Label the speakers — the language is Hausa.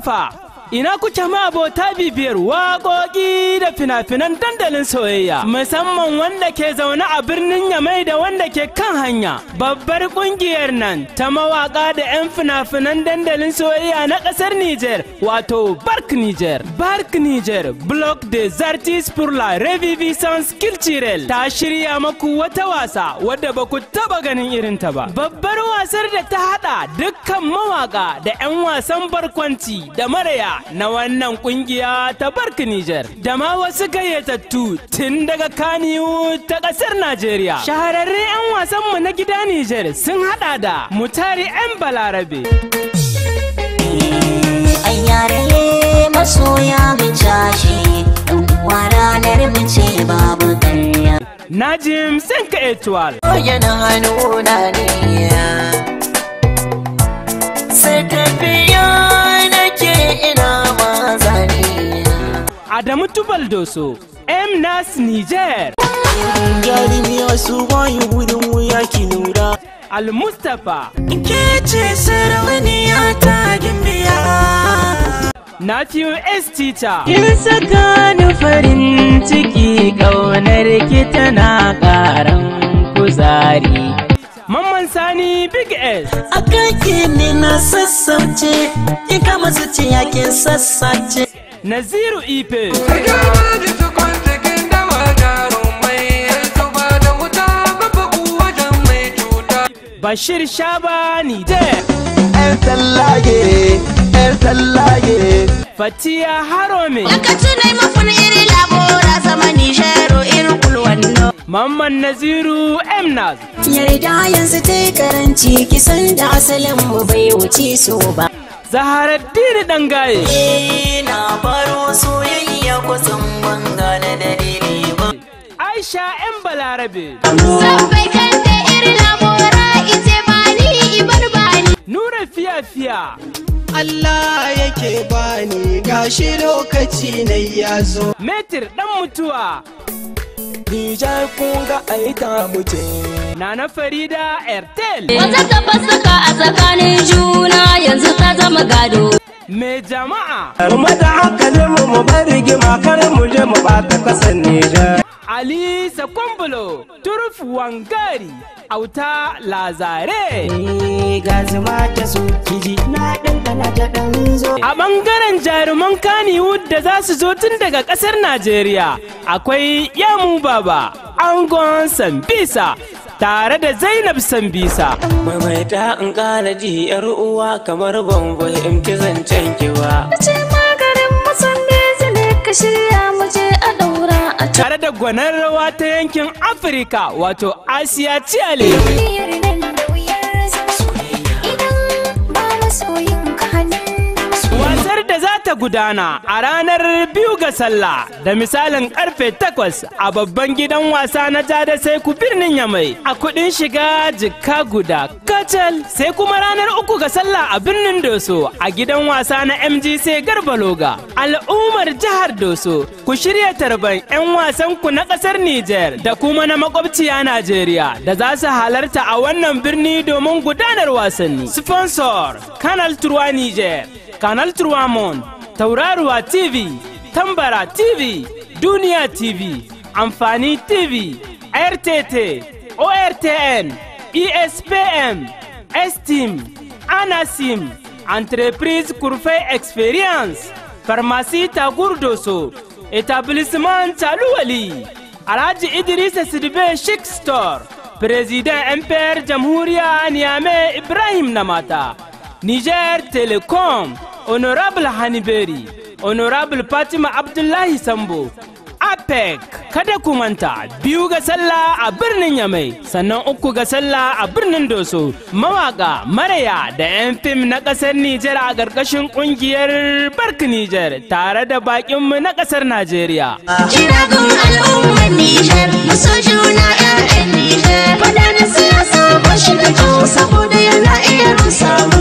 Speaker 1: 方法。Ina kuke ma abota bibiyar waƙoƙi da fina-finan dandalin soyayya musamman wanda ke zaune a birnin Yamai da wanda ke kan hanya. Babbar ƙungiyar nan ta mawaƙa da 'yan fina-finan dandalin soyayya na ƙasar Nijar wato Bark Nijar. Bark Nijar Block des Artistes pour la Revivisance Culturelle ta shirya maku wata wasa wadda ba ku taɓa ganin irinta ba. Babbar wasar da ta haɗa dukkan mawaƙa da 'yan wasan barkwanci da maraya na wannan kungiya ta Bark Nijar. da ma wasu gayyatattu tun daga Kaniyu ta ƙasar Najeriya. Shahararre 'yan wasanmu na gida Nijar sun haɗa da Mutari 'yan Balarabe. Ayyare masoya mu cashe, uwa ranar ce Najim Sinka Yana na ne Adamu Tubaldoso, MNAS Niger. Jarumi su ki lura. Al Mustapha. Ke ta S. Tita. Kin saka ni farin ciki ƙaunar ki tana ƙaran kuzari. Mamman Sani Big S. Akan Kini na sassauce, in Masu Ciyakin Sassauce. sassace. naziru ife bashir shabani de yar tallage yar tallage fatiya harome Mamman Naziru Emnaz. Yarda yanzu ta karanci kisan da asalin mu bai wuce so ba. zaharaddini dan gaye na baro soyayya kusan banga na dalili ba aisha yan balarabe nura fiya fiya Allah yake bani gashi lokaci na ya zo. Metir ɗan mutuwa. Rijar kunga aita mutum. Nana Farida
Speaker 2: Airtel. Wata tabbas suka a tsakani. Mai gado
Speaker 1: me jama'a kuma da hankalin mu mu bar rigima kar mu je mu bata kasar da. Ali Sakwambulo, Turuf Wangari, Auta Lazare. ga zuma ta su kiji na ɗanɗana ta ɗan zo. A bangaren jaruman Kannywood da za su zo tun daga ƙasar Najeriya, akwai Yamu Baba, Angon Sambisa, tare da Zainab Sambisa. mamaita in ƙara ji ‘yar uwa kamar ban fahimci zancen ki ba. Ce maganin musan ne ka shirya mu je a daura a Tare da gwanar rawa ta yankin Afirka wato Asiya Ciyale. gudana a ranar biyu ga sallah da misalin karfe takwas a babban gidan wasa na jada sai ku birnin yamai a kudin shiga jika guda kacal sai kuma ranar uku ga sallah a birnin doso a gidan wasa na mgc loga al'ummar jihar doso ku shirya tarban 'yan wasan ku na kasar niger da kuma na makwabciya najeriya da za su halarta a wannan birni domin gudanar wasanni sponsor canal 3 niger canal 3 Tauraruwa TV, Tambara TV, Duniya TV, Amfani TV, RTT, ORTN, ESPN, STEAM Anasim, Entreprise Kurfe Experience, Farmasi Tagurdoso, Etablissement Taluwali, Alhaji Idris Sidibe Chic Store, President MPR Jamhuriya niyame Ibrahim Namata, Niger Telecom, honorable haniberi honorable fatima abdullahi sambo apec kada ku manta biyu ga sallah a birnin yamai sannan uku ga sallah a birnin doso mawaƙa maraya da 'yan fim na ƙasar nijar a ƙarƙashin ƙungiyar bark nijar tare da baƙinmu na ƙasar najeriya kiragun al'ummar nijar maso juna nijar wadannan siyasa shi da saboda yana iya rusa